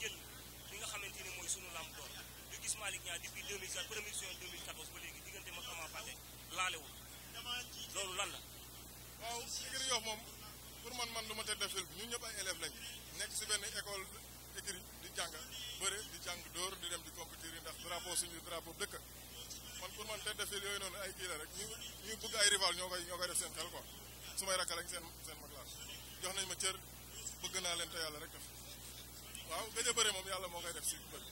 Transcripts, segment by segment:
jël li nga xamante ni mooy sunu lamb door ñu gis Malick Niang depuis 2007 premier juin 2014 ba léegi diggante ma Ama Baldé laalewul loolu lan la waaw écurie Yoff moom pour man man lu ma te defil ñu ñëpp ay élèves lañ nekk si benn école di jàng bëre di jàng dóor di dem di compétir yi ndax drapeau suñu drapeau dëkk man pour man te defil yooyu noonu ay kii rek ñu ñu bëgg ay rival ñoo koy ñoo koy def seen xel quoi su may rakka lañ seen seen nañ ma cër bëgg naa leen te yàlla rek def waaw gëj a bëre moom yàlla moo koy def si bëri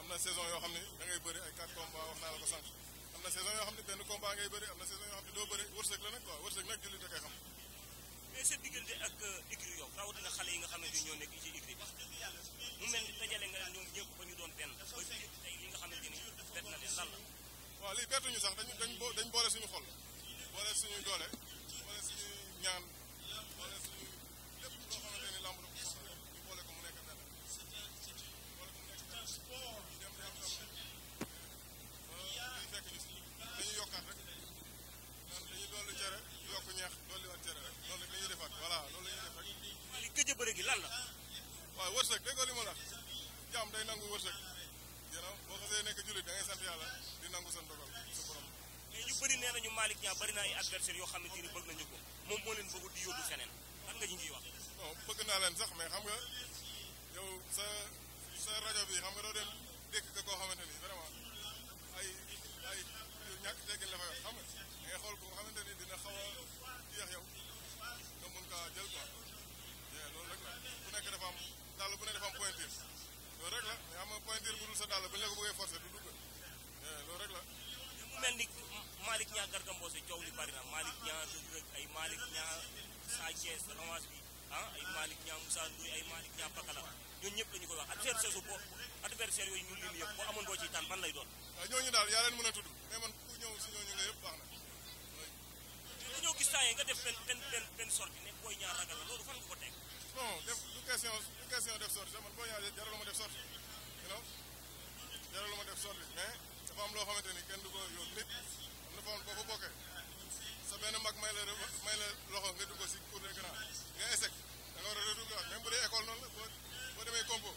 am na saison yoo xam ne da ngay bëri ay 4 combats wax naa la ko sànq am na saison yoo xam ne benn combat ngay bëri am na saison yoo xam ne doo bëri wërsëg la nag quoi wërsëg nag jullit da xam. mais sa yi nga xam ne ñoo nekk nga ñoom na ay adversaire yoo xam ne te ni bëgg nañu ko moom moo leen bëgg di yóbbu feneen lan nga ñu ciy wax. non bëgg naa leen sax mais xam nga yow sa sa rajo bi xam nga doo dem. la loxo nga dugg si cours des grands nga échec da war a redoubler waat même bu dee noonu la boo demee compo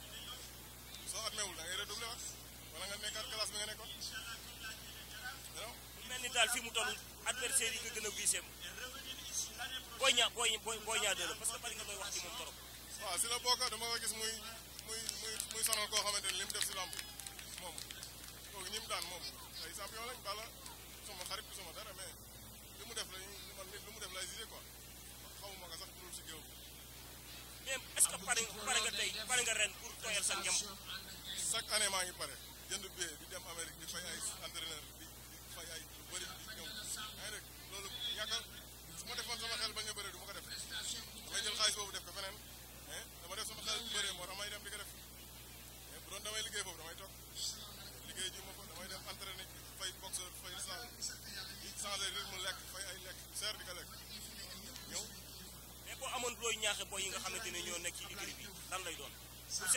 soo admeewul da ngay redoubler waat wala nga nekkaat classe bi nga nekkoon. mel ni daal fi mu toll adversaire yi nga gën a visé booy ña booy booy booy ña dëgg parce que bari nga koy wax ci moom trop. waaw si la bokk dama ko gis muy muy muy muy sonal koo xamante ni li mu def si lamb moom kooku ñi mu daan moom ay champion lañ xarit bi sama dara mais li mu def la def lay jugé quoi xawma nga sax bu dul si géew mais est-ce que pare nga pare nga tey pare nga ren pour tooyal sa di dem Amérique ay entraîneur di fay ay lu di ñëw yaa ngi rek loolu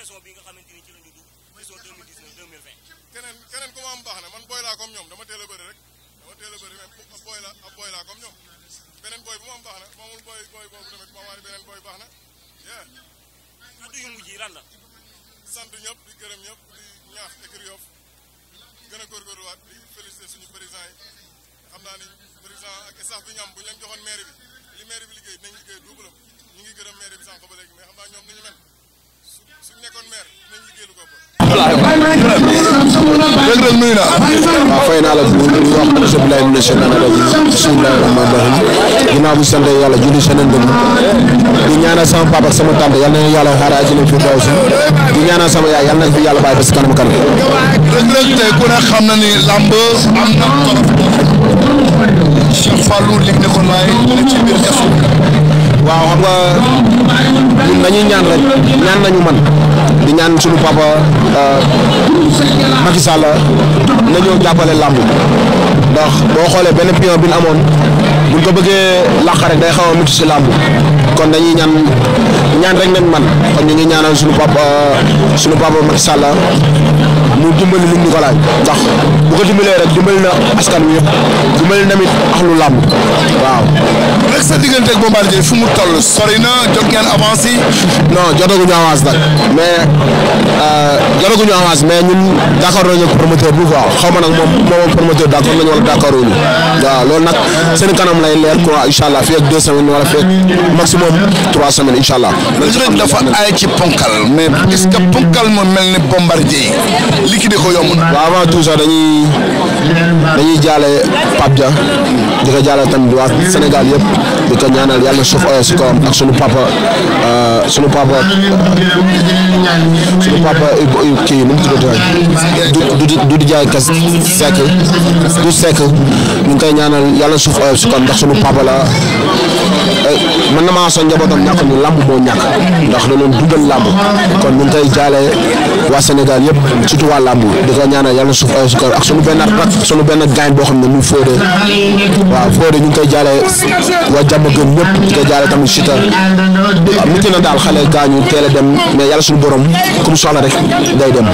soo bi nga xamante ni ci la ñu dugg saison keneen keneen ku ma am baax na man booy laa comme ñoom dama teel a bëri rek dama teel a bëri mais ab booy la ab booy laa comme ñoom beneen booy bu ma am baax na moomul booy booy boobu tamit mamaari beneen booy baax na yeah kaddu yu mujj yi lan la ñëpp di gërëm ñëpp di ñaax écurie Yoff gën a góorgóorluwaat di féliciter suñu président yi xam naa ni président ak staff bi ñu am bu ñu leen joxoon bi li maire bi liggéey dinañ liggéey ñu ngi gërëm maire bi sànq ba Reug Reug nuyu naa. waaw fay naa la bu wax monsieur Bilaye mu ne seen naan la bisimilah rahmaan rahim ginnaaw bu sant yàlla julli seneen dëgg di ñaanal sama papa ak sama tante yal nañu yàlla xaaral ci leen fi daw si di ñaanal sama yaay yal nañu fi yàlla bàyyi ba si kanam kanam. Reug Reug tey ku ne xam na ni làmb am na Cheikh Fallou lig ne ko laay ci biir kaso waaw xam nga. nañu ñaan rek ñaan nañu man di ñaan suñu papa euh, Macky Sall na ñëw jàppale làmb ndax boo xoolee benn pion bi amoon buñ ko bëggee làq rek day xaw a mucc si làmb kon dañuy ñaan ñaan rek nañ man kon ñu ngi ñaanal suñu papa euh, suñu papa Macky Sall mu dimbali lim ñu ko laaj ndax bu ko dimbalee rek dimbali na askan wi yëpp na tamit axlu làmb waaw. rek sa diggante ak Bombardier fu mu toll sori na jot ngeen avance yi. non jotaguñu avance nag mais euh, jotaguñu avance mais ñun d' accord nañu promoteur bi waaw xaw ma nag moom moom promoteur d' accord nañu wala d' accord nag seen kanam lay leer quoi incha allah fii ak deux semaines wala fii ak maximum trois semaines incha allah. dafa aay ci ponkal mais est ce que ponkal moo mel ni Bombardier liquider ko yomb na. waaw avant tout sax dañuy dañuy jaale Pape Dia di jaale tamit waa Sénégal yëpp di ko ñaanal yàlla na suuf si kawam ak papa. Euh, sunu papa sunu papa eh, eh, kii nu mu tuddati du du du jaay kas sekk du sekk ñu ngi koy ñaanal yàlla suuf eh, su ko ndax sunu papa la mën na maa soog njabootam ñàkk ñu làmb moo ñàkk ndax da doon dugal làmb kon ñu ngi koy jaale waa Sénégal yëpp surtout waa làmb di ko ñaanal yàlla suuf su ko ak sunu benn rak sunu benn gaañ boo xam ne ñu Fodé waaw Fodé ñu ngi koy jaale waa jàmm gën ñëpp di ko jaale tamit Siteu waaw na daal. daal xale gaañu teel a dem mais yàlla suñu borom ku mu soxla rek day dem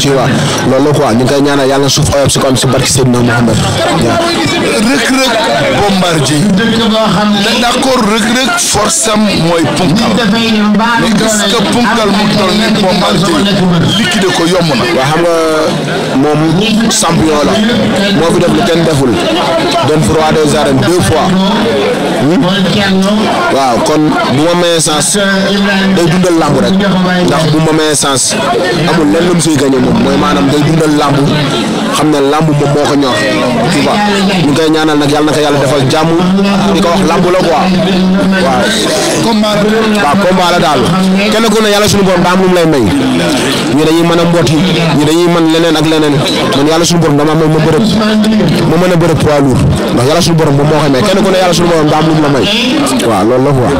tu vois loolu la ñu ngi koy ñaanal yàlla suuf oyof si ko am si barki Seydina Mouhamed waaw. rëg-rëg bombardier da d'accord rëg-rëg force am mooy punkal mais est-ce punkal mu toll ni bombardier liquider ko yomb waa xam nga moom champion la moo fi def lu kenn deful doon fi fois waaw kon bu ma mayee sens day dundal lamb rek ndax bu ma mayee sens amul lenn lu mu siy gagné moom mooy maanaam day dundal lamb xam ne làmb moom moo ko ñor tu ngi koy ñaanal nag yàlla na yàlla defal jàmm di ko wax lamb la quoi waaw. combat la la daal kenn ku ne yàlla suñu borom daam lu mu lay may ñu dañuy mën a mboot yi ñu dañuy man leneen ak leneen man yàlla suñu borom dama may ma bërëb ma mën a bërëb poids lourd ndax yàlla suñu borom moom moo koy may kenn ku ne yàlla suñu borom daam lu mu la may waaw loolu la quoi.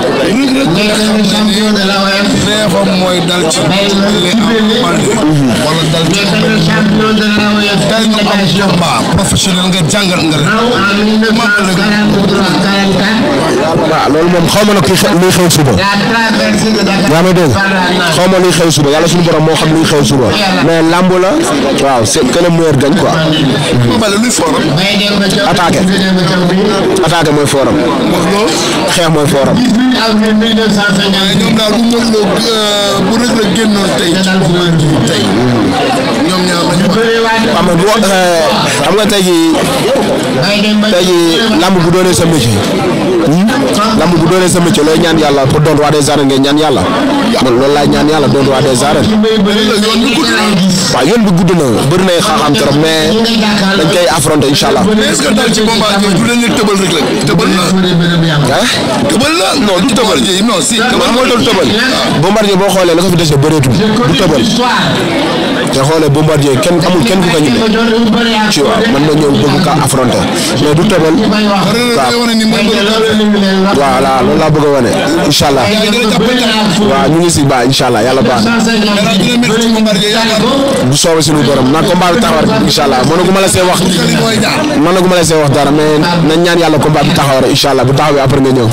neefam waaw loolu moom xaw ma nag luy xew suba. yaa ma dégg xaw ma luy xew suba yàlla suñu borom moo xam luy xew suba mais lamb waaw c'est que le meilleur gagne quoi. attaqué mooy fooram. xeex mooy fooram. ñoom nga tey tey jii lamb bu doonee sa métier hmm? lamb bu doonee sa métier looy ñaan yàlla pour doon roi des arènes ngay ñaan yàlla man loolu laay ñaan yàlla doon roi des arènes waaw yoon bi gudd na bëri nay xaaxaam trop mais dañ koy affronter incha allah. est-ce que daal ci combat bi du dañu tëbal rek la du tëbal non si boo xoolee la ko fi dese bëreetul du tëbal. te xoolee bombardier kenn amul kenn ku ko ñibbe ci waaw mën na ñëw bëgg ka affronter mais du tëbal waaw voilà loolu laa bëgg a wane incha allah waaw ñu ngi si baax incha allah yàlla baax bu soobee suñu borom na combat bi taxaw rek incha allah mën na ko la see wax man na ko ma la see wax dara mais nañ ñaan yàlla combat bi taxaw rek incha allah bu taxawee après nga ñëw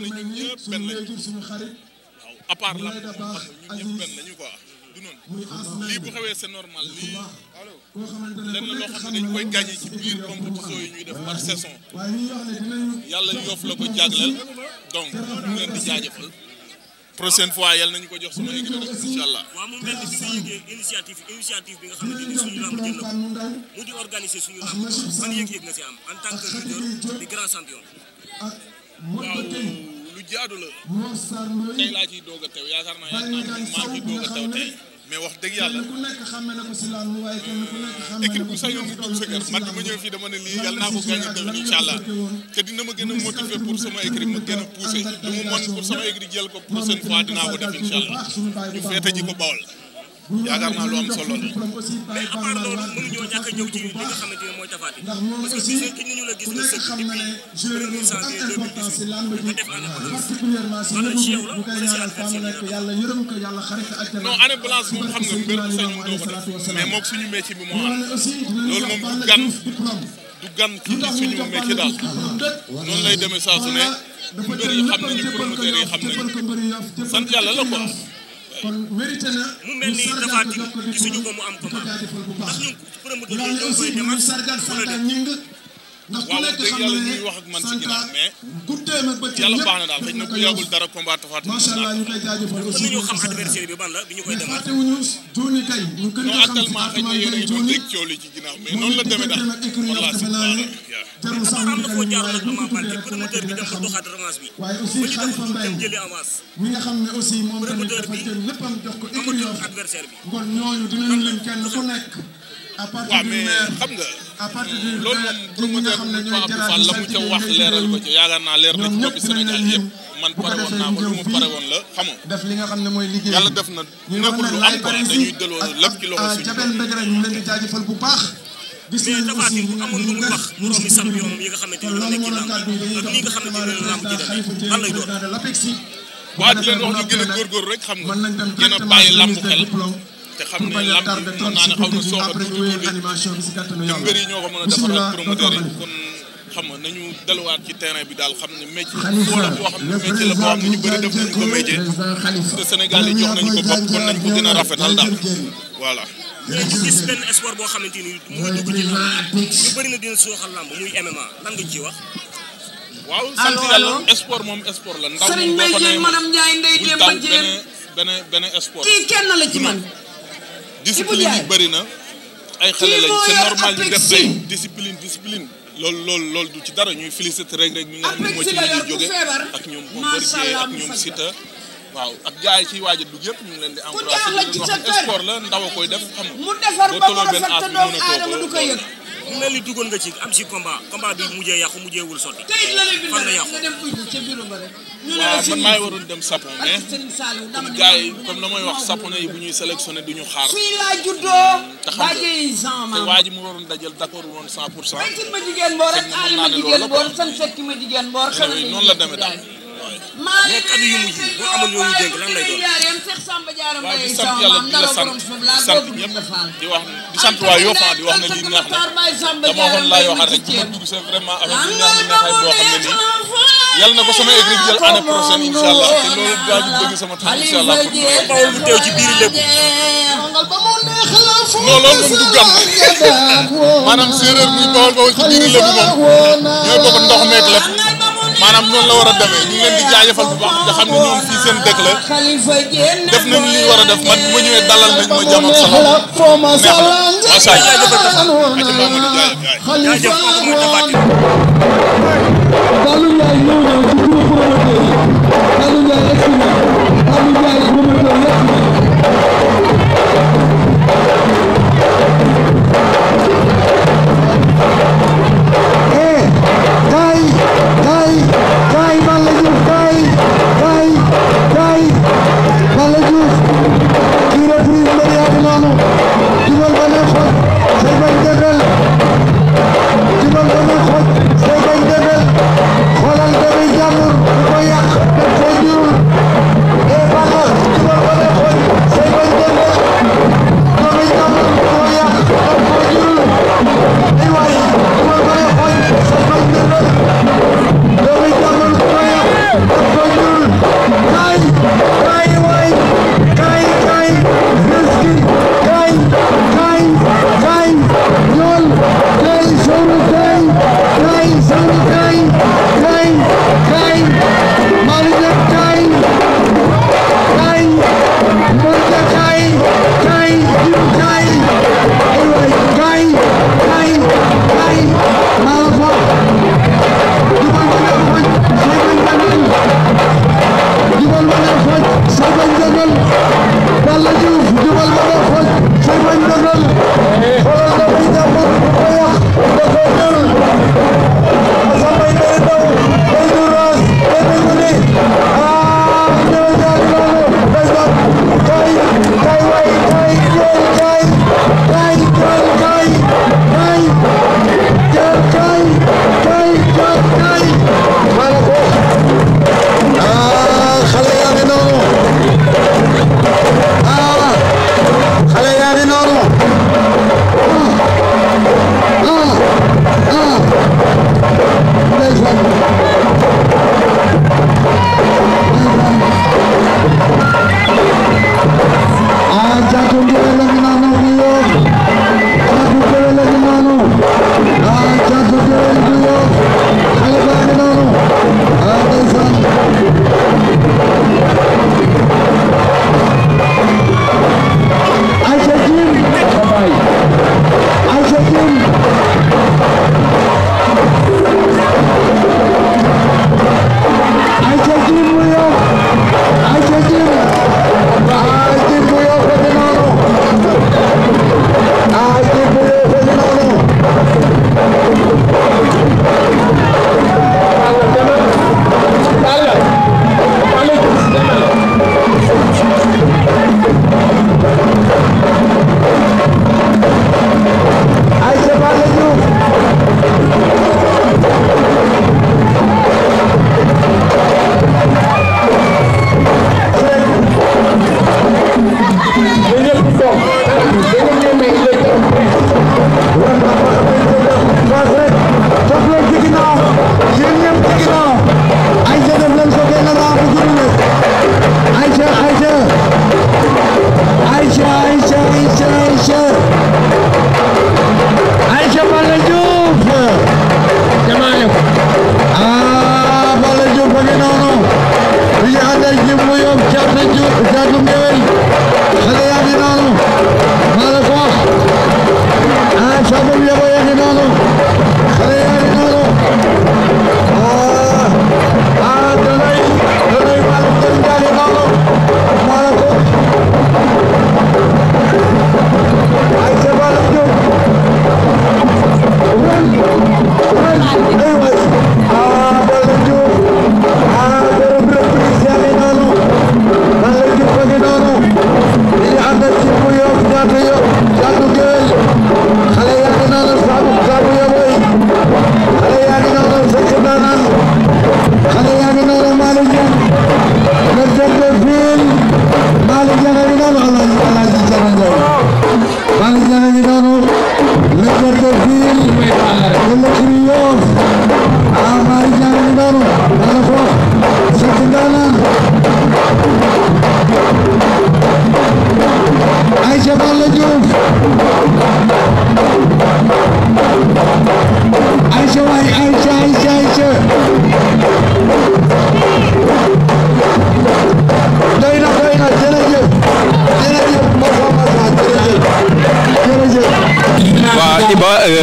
naa ne ñun ñëpp benn lañu waaw à part la ñun ñëpp benn lañu quoi du noonu lii bu xewee c'est normal lii lenn loo xam ne dañ koy gagné ci biir compétition yi ñuy def par saison yàlla yoof la ko jagleel donc ñu leen di jaajëfal. prochaine fois yàlla nañu ko jox sama équipe rek incha allah. waaw mu mel ni bi nga yëgee initiative initiative bi nga xamante ni suñu lamb jël na ko mu di organiser suñu lamb ban yëg-yëg nga si am en tant que leader di grand champion. waaw. ji la. tey laa ciy doog a tew yaakaar naa yaa maa ngi doog a tew tey. mais wax dëgg yàlla équipe bu sañoon mu dugg sa kër man dama ñëw fii dama ne lii yàlla naa ko gaañ a def incha allah te ma gën a motiver pour sama équipe ma gën a pousser mu mën pour sama équipe jël ko prochaine fois dinaa ko def incha allah ji ko bawal. yaakaar naa lu am solo la. mais à part loolu mënuñoo ñàkk a ñëw ci li nga xamante ne mooy Tapha Tine parce que si ki ñu la gis nga sëkk depuis premier janvier deux mille dix huit nga def année blanche wala ci yow la wala si adversaire la non année blanche moom xam nga mbir bu sañoon doo ko def mais moog suñu métier bi moo am loolu moom du gan du gan ci suñu métier daal noonu lay demee saa su ne mbir yi xam nañu promoteurs yi xam nañu sant yàlla la quoi. kon mérité na mu mel ni Tapha Tine gisuñu ko mu am combat ndax ñun promoteur yi ñoo koy demal sargal Fanta Ñing ndax ku nekk xam na ne Santa guddee na bëccëg yàlla baax na daal xëy na ku yàggul dara combat Tapha Tine macha allah ñu koy jaajëfal aussi mënuñu xam adversaire bi ban la bi ñu koy demal fàttewuñu Diony Kaye ñu gën ko xam ci Fatma Gueye Diony moom la demee daal voilà c'est ça jarul sax ñu koy ñaanal ñu ko jàll promoteur bi bi waaye aussi Khalifa mi nga ne aussi moom kenn ku nekk waaw mais xam nga loolu moom promoteur bi la mu ca wax leeral ko ca yaakaar naa leer na ci boppi Sénégal yëpp man pare woon naa ko mu pare woon la xam nga def li nga xam ne mooy liggéey yàlla def na nekkul lu am ko dañuy delloo lépp ci loxo suñu jabel mbëgg rek ñu leen di jaajëfal bu baax gis nañu aussi bu amoon lu mu wax moroomi champion nga xamante ne nekk ci làmb ak li nga xamante ne làmb ji demee lan lay doon waaw di leen wax ñu gën a góorgóorlu rek xam nga gën a bàyyi làmb xel te xam ne lamb naa ne na ñoo ko mën a defar ak promoteur yi kon xam nga delluwaat ci terrain bi daal xam ne métier boo xam ne métier la boo xam ne ñu bëri def nañu ko métier te Sénégal nañ ko gën a rafetal daal voilà léegi gis benn boo xamante ni muy dugg ci làmb na dina sooxal làmb muy MMA lan nga ciy wax waaw sant moom sport la ndaw Serigne Mbaye Diène madame Ndiaye Ndeye Demba Diène benn benn sport kii kenn la ci man discipline yi bëri na ay xale lañ c'est normal ñu def day discipline discipline loolu lool loolu du ci dara ñuy féliciter rek rek ñu nga xam ne moo ci mujj jóge ak ñoom Bombardier ak ñoom Sita waaw ak gars yi ciy waaja a dugg yëpp ñu ngi leen di encouragé di wax sport la ndaw a koy def xam nga boo tolloo benn aas bi mën a toog mu mel ni duggoon nga ci am ci combat combat bi mujjee yàqu mujjee wul sotti fan la yàqu. waaw man maay waroon dem sapon mais comme gars yi na mooy wax sapon yi bu ñuy sélectionné du ñu xaar. Mm, te xam nga ji mu waroon dajal d' accord woon 100 pour cent. fekk na mën naa ne loolu la eh noonu la demee daal. mais kaddu yu mujj boo amoon yoo ñu dénk lan lay doon. waaye di sant yàlla di la sant di sant ñëpp di wax di sant waa Yofa ah, di wax na lii neex na dama waxoon laa waxaat rek dama dugg sa vraiment avec lu neex na neexay boo xam ne nii yàlla na ko sama équipe jël année prochaine incha allah te loolu daa ñu bëgg sama tax incha allah pour nga bawul lu teew ci biir lépp. non loolu moom du gàmm maanaam séeréer muy bawul bawul ci biir lépp moom ñooy bokk ndox meeg lépp. maanaam noonu la war a demee ñu ngi leen di jaajëfal bu baax nga xam ne ñoom fii seen dëkk la def nañ li war a def man bu ma ñëwee dalal nañ ma jàmm ak salaam neex na macha allah jaajëf jaajëf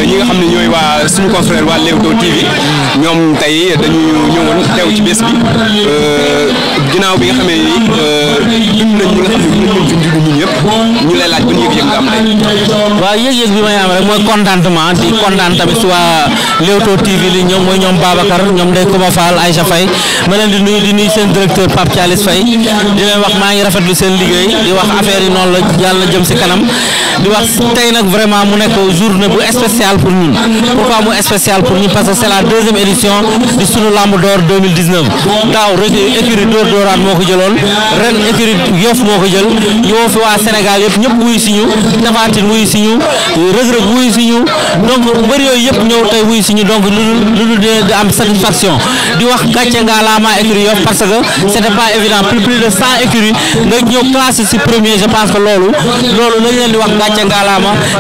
ñi nga xam ne ñooy waa suñu confrère waa Leewtoo TV ñoom tey dañuy ñëwoon teew ci bés bi euh, ginnaaw bi nga xamee ni dund euh, nañ ñi nga xam ne dund nañ fi ñu ñëpp ban yëg-yëg nga am tey. waaw yëg-yëg bi may am rek mooy contentement di kontaan tamit waa Leewtoo TV li ñoom mooy ñoom Babacar ñoom day Kouma ay Aïcha Faye ma leen di nuyu di nuyu seen directeur Pape Thialis Faye di wax maa ngi lu seen liggéey di wax affaire yi noonu la yàlla na jëm si kanam di wax tey nag vraiment mu nekk journée bu spécial pour ñun pourquoi mu spécial pour ñun parce que c'est la deuxième édition di sunu lamb d'or 2019 daaw rek écurie Dóor moo ko jëloon ren écurie wuyu si ñu Tapha Tine si ñu donc mbër yooyu yëpp ñëw tey wuyu si ñu donc lu dul lu di am satisfaction di wax gàcce nga laama écurie parce que c'était pas évident plus plus de cent écuries nga ñëw classé si premier je pense que loolu loolu lañ leen di wax gàcce nga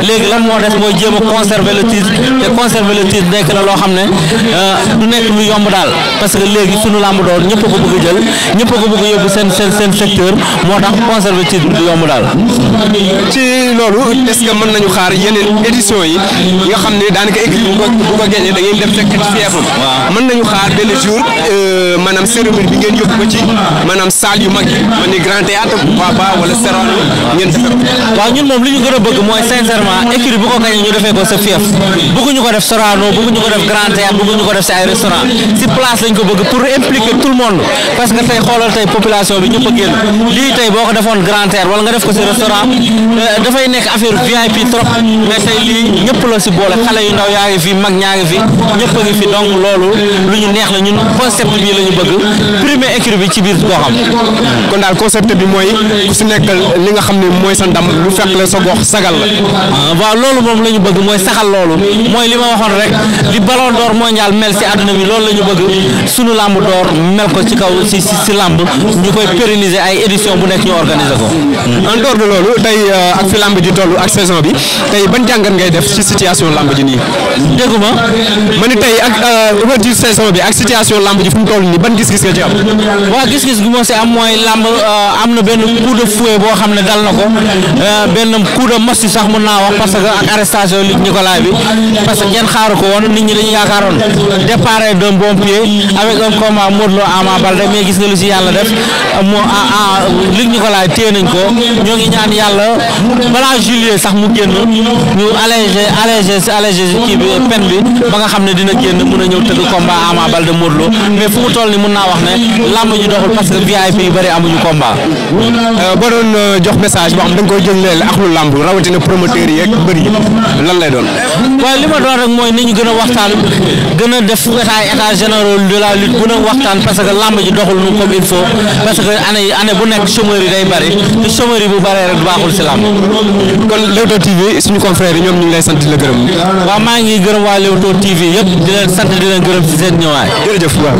léegi lan moo des mooy jéem a conserver le te conserver le titre nekk na loo xam ne euh, du nekk lu yomb daal parce que léegi sunu làmb doon ñëpp ko bëgg jël ñëpp ko bëgg yóbbu seen seen seen moo tax conserver titre ci loolu est-ce que mën nañu xaar yeneen édition yi nga xam ne daanaka équipe bu ko bu ko da ngeen def fekk ci feefu mën nañu xaar benn jour euh, maanaam cérémonie bi ngeen yóbbu ko ci maanaam salle yu mag yi man ni grand théâtre pourquoi pas wala Sorano ngeen defee ko waaw ñun moom li ñu gën a bëgg mooy sincèrement équipe bu ko gañee ñu defee ko sa fief bëgguñu ko def Sorano bëgguñu ko def grand théâtre bëgguñu ko def si ay restaurant si place lañ ko bëgg pour impliquer a génn Euh, dafay nekk affaire VIP trop mais tey ñëpp la si boole xale yu ndaw yaa ngi fi mag ñaa ngi fi ñëpp a ngi fi donc loolu lu ñu neex na ñun concept bi la ñu bëgg premier écrit bi ci biir goxam. kon daal concept bi mooy ku si nekk li nga xam ne mooy sa ndam lu fekk la sa gox sagal la. Ah, waaw loolu moom la ñu bëgg mooy saxal loolu mooy li ma waxoon rek li ballon d'or mondial mel si àdduna bi loolu la ñu bëgg sunu làmb d'or mel ko ci kaw si si si làmb ñu koy pérenniser ay édition bu nekk ñu organiser ko. en Euh, ak fi lamb ji toll ak saison bi tey ban jàngat ngay def ci situation lamb ji nii. dégguma ma ni tey ak euh, ouverture saison bi ak situation lamb ji fu mu toll nii ban gis-gis nga ci am. waaw gis-gis bi moo si am mooy lamb euh, am na benn coup de boo xam ne dal na ko benn coup de sax mën naa wax parce que ak arrestation Luc Nicolas bi parce que kenn xaaru ko woon nit ñi dañu yaakaaroon départ d'un bon avec un combat Modou Lo Ama Baldé gis nga lu si balaa juillet sax mu génn ñu allégé allégé allégé kii bi peine bi ba nga xam ne dina génn mun a ñëw tëgg combat Ama Baldé Modou Lô mais fu mu toll ni mën naa wax ne làmb ji doxul parce que VIP yu bëri amuñu combat. Euh, ba doon euh, jox message boo xam da nga koy jëgleel ak lu làmb rawatina promoteur yi ak yi lan lay doon. waaye li ma doon rek mooy ni ñu gën a waxtaan gën def état état général de la lutte gën a waxtaan parce que làmb ji doxul nu comme il faut bu nekk chômeur yi day bëri te chômeur bu baaxul si làmb. kon Leewtoo TV suñu confrère yi ñoom ñu ngi lay sant di la gërëm. waaw maa ngi gërëm waa Leewtoo TV yëpp di leen sant di leen gërëm ci seen ñëwaay. jërëjëf waaw.